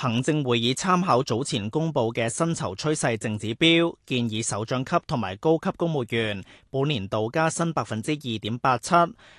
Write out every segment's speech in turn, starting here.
行政會議參考早前公布嘅薪酬趨勢淨指標，建議首長級同埋高級公務員本年度加薪百分之二點八七。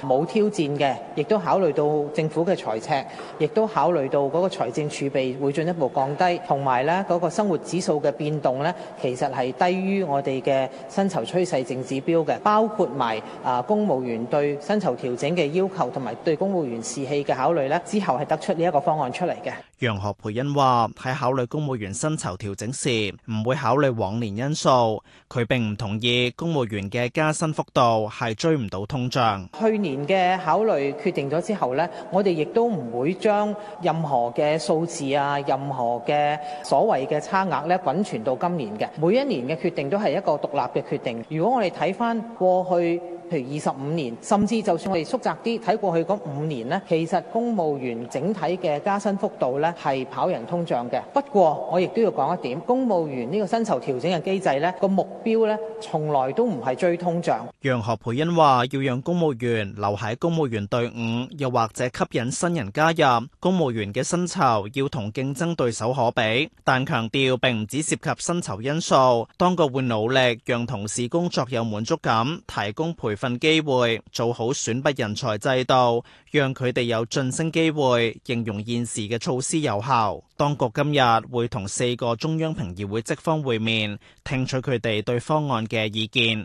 冇挑戰嘅，亦都考慮到政府嘅財赤，亦都考慮到嗰個財政儲備會進一步降低，同埋咧嗰個生活指數嘅變動咧，其實係低於我哋嘅薪酬趨勢性指標嘅。包括埋啊公務員對薪酬調整嘅要求，同埋對公務員士氣嘅考慮咧，之後係得出呢一個方案出嚟嘅。楊何蓓茵話喺考慮公務員薪酬調整時，唔會考慮往年因素。佢並唔同意公務員嘅加薪幅度係追唔到通脹。去年嘅考慮決定咗之後咧，我哋亦都唔會將任何嘅數字啊，任何嘅所謂嘅差額咧，滾存到今年嘅。每一年嘅決定都係一個獨立嘅決定。如果我哋睇翻過去。譬如二十五年，甚至就算我哋縮窄啲，睇過去嗰五年咧，其實公務員整體嘅加薪幅度咧係跑贏通脹嘅。不過我亦都要講一點，公務員呢個薪酬調整嘅機制咧，個目標咧從來都唔係追通脹。楊何蓓茵話：要讓公務員留喺公務員隊伍，又或者吸引新人加入公務員嘅薪酬要同競爭對手可比，但強調並唔止涉及薪酬因素。當局會努力讓同事工作有滿足感，提供培。份機會，做好選拔人才制度，讓佢哋有晉升機會。形容現時嘅措施有效，當局今日會同四個中央評議會職方會面，聽取佢哋對方案嘅意見。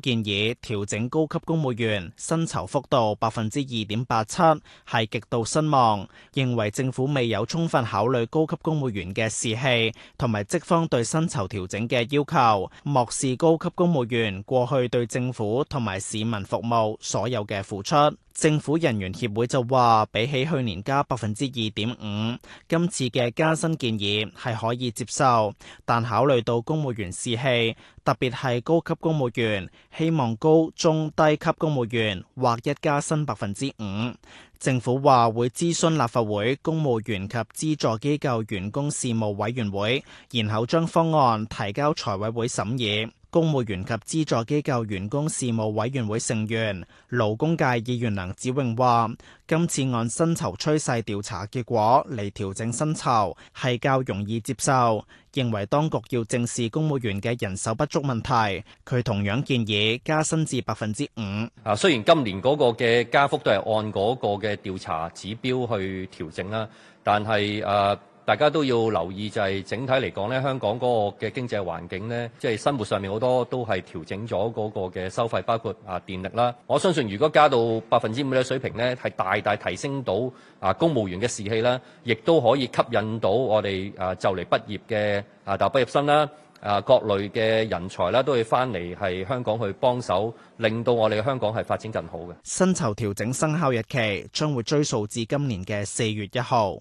建議調整高級公務員薪酬幅度百分之二點八七，係極度失望，認為政府未有充分考慮高級公務員嘅士氣，同埋職方對薪酬調整嘅要求，漠視高級公務員過去對政府同埋市民服務所有嘅付出。政府人員協會就話，比起去年加百分之二點五，今次嘅加薪建議係可以接受，但考慮到公務員士氣，特別係高級公務員，希望高中低級公務員劃一加薪百分之五。政府話會諮詢立法會公務員及資助機構員工事務委員會，然後將方案提交財委會審議。公務員及資助機構員工事務委員會成員，勞工界議員梁子穎話今次按薪酬趨勢調查結果嚟調整薪酬，係較容易接受，認為當局要正視公務員嘅人手不足問題。佢同樣建議加薪至百分之五。啊，雖然今年嗰個嘅加幅都係按嗰個嘅調查指標去調整啦，但係啊。呃大家都要留意，就係整體嚟講咧，香港嗰個嘅經濟環境咧，即係生活上面好多都係調整咗嗰個嘅收費，包括啊電力啦。我相信如果加到百分之五嘅水平咧，係大大提升到啊公務員嘅士氣啦，亦都可以吸引到我哋啊就嚟畢業嘅啊大學畢業生啦，啊各類嘅人才啦，都會翻嚟係香港去幫手，令到我哋香港係發展更好嘅。薪酬調整生效日期將會追溯至今年嘅四月一號。